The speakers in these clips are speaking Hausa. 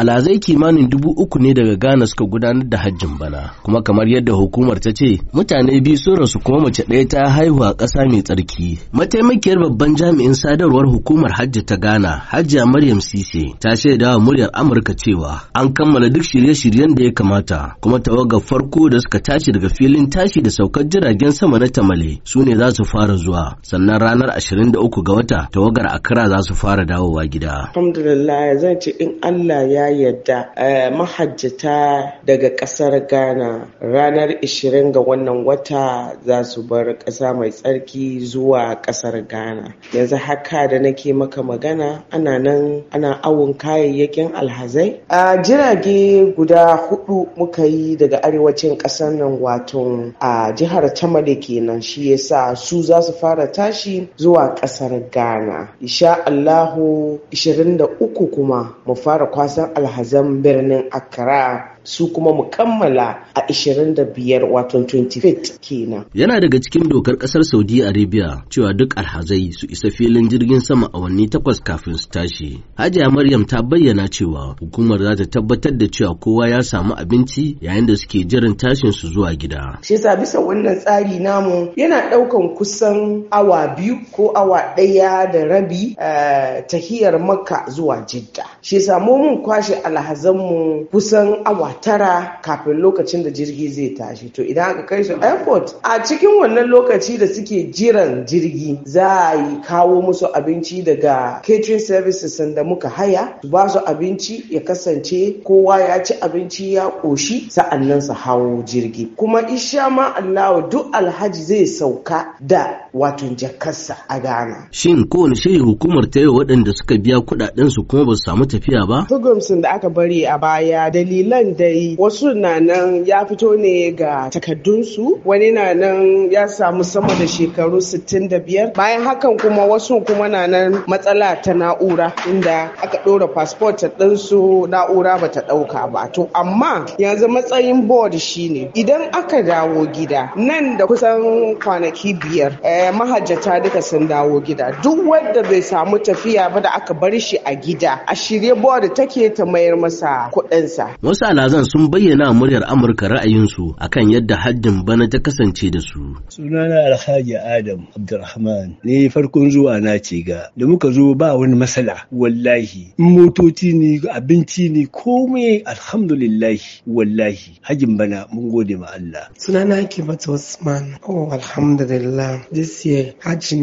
alazai kimanin dubu uku ne daga Ghana suka gudanar da hajjin bana kuma kamar yadda hukumar ta ce mutane biyu sun rasu kuma mace ɗaya ta haihu a ƙasa mai tsarki. Mataimakiyar babban jami'in sadarwar hukumar hajji ta Ghana Hajiya Maryam Sise ta shaida wa muryar Amurka cewa an kammala duk shirye-shiryen da ya kamata kuma tawagar farko da suka tashi daga filin tashi da saukar jiragen sama na Tamale su ne za su fara zuwa sannan ranar 23 ga wata tawagar Accra za su fara dawowa gida. Alhamdulillah zan ce in Allah ya yadda eh, mahajjata daga ƙasar ghana ranar 20 ga wannan wata za su bar ƙasa mai tsarki zuwa ƙasar ghana yanzu haka da nake maka magana ana nan ana awon kayayyakin alhazai a jirage guda hudu muka yi daga arewacin ƙasar nan wato a jihar tamale kenan shi yasa su za su fara tashi zuwa ƙasar ghana insha allahu 23 kuma mu fara kwasan alhazan birnin Accra su kuma mu kammala a 25 wato 25 kenan. Yana daga cikin dokar kasar Saudi Arabia cewa duk alhazai su isa filin jirgin sama awanni takwas kafin su tashi. Hajiya Maryam ta bayyana cewa hukumar za ta tabbatar da cewa kowa ya samu abinci yayin da suke jiran tashin su zuwa gida. Shi yasa bisa wannan tsari namu yana daukan kusan awa biyu ko awa ɗaya da rabi eh, tahiyar Makka zuwa Jidda. Shi yasa mu mun kwashe alhazanmu kusan awa tara kafin lokacin da jirgi zai tashi to idan aka kai su airport a cikin wannan lokaci da suke jiran jirgi za a yi kawo musu abinci daga catering services da muka haya su ba su abinci ya kasance kowa ya ci abinci ya ƙoshi sa'annan su hawo jirgi kuma isha ma allahu duk alhaji zai sauka da wato jakarsa a Ghana. Shin kowane shiri hukumar ta yi waɗanda suka biya kuɗaɗen su kuma ba su samu tafiya ba? Programs da aka bari a baya dalilan dai wasu na nan ya fito ne ga takardunsu wani na nan ya samu sama da shekaru 65 bayan hakan kuma wasu kuma na nan matsala ta na'ura inda aka ɗora fasfot ɗinsu na'ura ba ta ɗauka ba. To amma yanzu matsayin board shine idan aka dawo gida nan da kusan kwanaki biyar eh, mahajjata duka sun dawo gida duk wanda bai samu tafiya ba da aka bar shi a gida a shirye board take ta mayar masa kuɗinsa. wasu alazan sun bayyana muryar amurka ra'ayinsu akan yadda haddin bana ta kasance da su sunana alhaji adam abdulrahman ne farkon zuwa na ce ga da muka zo ba wani matsala wallahi motoci ne abinci ne komai alhamdulillahi wallahi hajin bana mun gode ma Allah sunana Hikimatu Usman oh alhamdulillah this year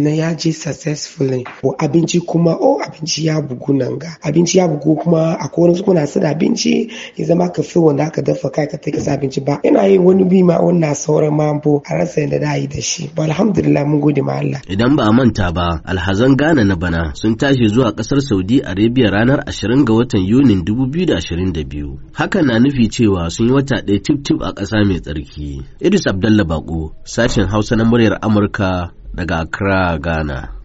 na ya je successfully abinci kuma oh abinci ya bugu nan ga abinci ya bugu kuma akwai wani kuna su abinci ya zama ka fi wanda aka dafa kai ka take abinci ba yana yin wani bi ma wannan sauran mambo a rasa yadda da yi da shi ba alhamdulillah mun gode ma Allah idan ba a manta ba alhazan gana na bana sun tashi zuwa kasar Saudi Arabia ranar 20 ga watan Yunin 2022 haka na nufi cewa sun yi wata ɗaya tif-tif a ƙasa mai tsarki Idris Abdullahi Bako sashen Hausa na muryar Amurka daga Accra, Ghana.